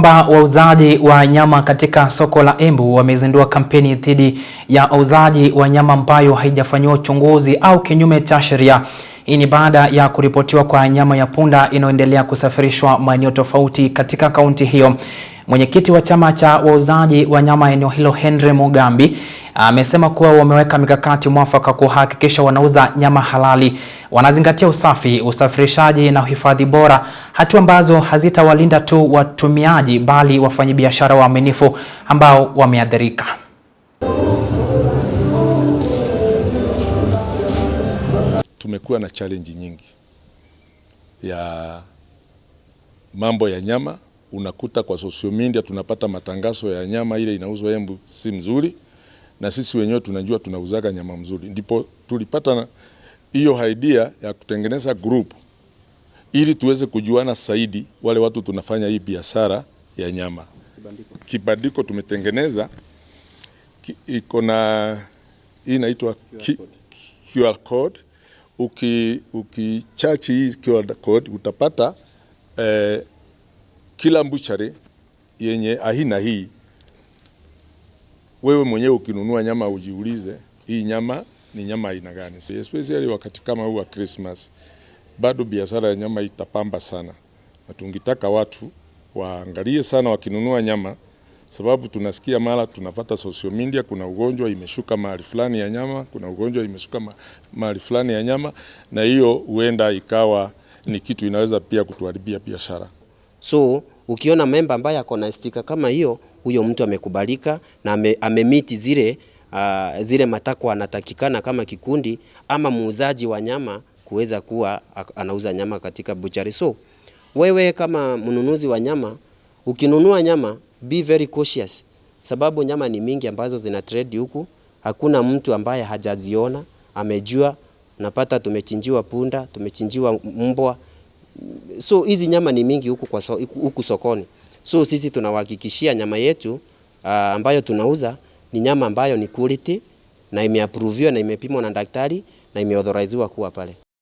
kwamba wauzaji wa nyama katika soko la Embu wamezindua kampeni dhidi ya wauzaji wa nyama ambayo haijafanyiwa uchunguzi au kinyume cha sheria. Hii ni baada ya kuripotiwa kwa nyama ya punda inayoendelea kusafirishwa maeneo tofauti katika kaunti hiyo. Mwenyekiti wa chama cha wauzaji wa nyama eneo hilo, Henry Mugambi amesema kuwa wameweka mikakati mwafaka kuhakikisha wanauza nyama halali, wanazingatia usafi, usafirishaji na uhifadhi bora, hatua ambazo hazitawalinda tu watumiaji bali wafanyabiashara waaminifu ambao wameathirika. Tumekuwa na challenge nyingi ya mambo ya nyama. Unakuta kwa social media tunapata matangazo ya nyama ile inauzwa Embu si mzuri na sisi wenyewe tunajua tunauzaga nyama mzuri, ndipo tulipata hiyo idea ya kutengeneza group ili tuweze kujuana zaidi wale watu tunafanya hii biashara ya nyama. Kibandiko, kibandiko tumetengeneza iko na hii inaitwa QR, code. Uki ukichachi hii QR code utapata eh, kila mbuchari yenye aina hii wewe mwenyewe ukinunua nyama ujiulize, hii nyama ni nyama aina gani? Si Especially wakati kama huu wa Christmas, bado biashara ya nyama itapamba sana, na tungitaka watu waangalie sana wakinunua nyama, sababu tunasikia mara tunapata social media, kuna ugonjwa imeshuka mahali fulani ya nyama, kuna ugonjwa imeshuka mahali fulani ya nyama, na hiyo huenda ikawa ni kitu inaweza pia kutuharibia biashara. So ukiona memba ambaye ako na stika kama hiyo huyo mtu amekubalika na ame, amemiti zile, uh, zile matakwa anatakikana kama kikundi ama muuzaji wa nyama kuweza kuwa anauza nyama katika buchari. So wewe kama mnunuzi wa nyama ukinunua nyama be very cautious, sababu nyama ni mingi ambazo zina trade huku. Hakuna mtu ambaye hajaziona amejua. Napata tumechinjiwa punda, tumechinjiwa mbwa, so hizi nyama ni mingi huku, kwa so, huku sokoni. So sisi tunawahakikishia nyama yetu uh, ambayo tunauza ni nyama ambayo ni quality na imeapproved na imepimwa na daktari na imeodhoraiziwa kuwa pale.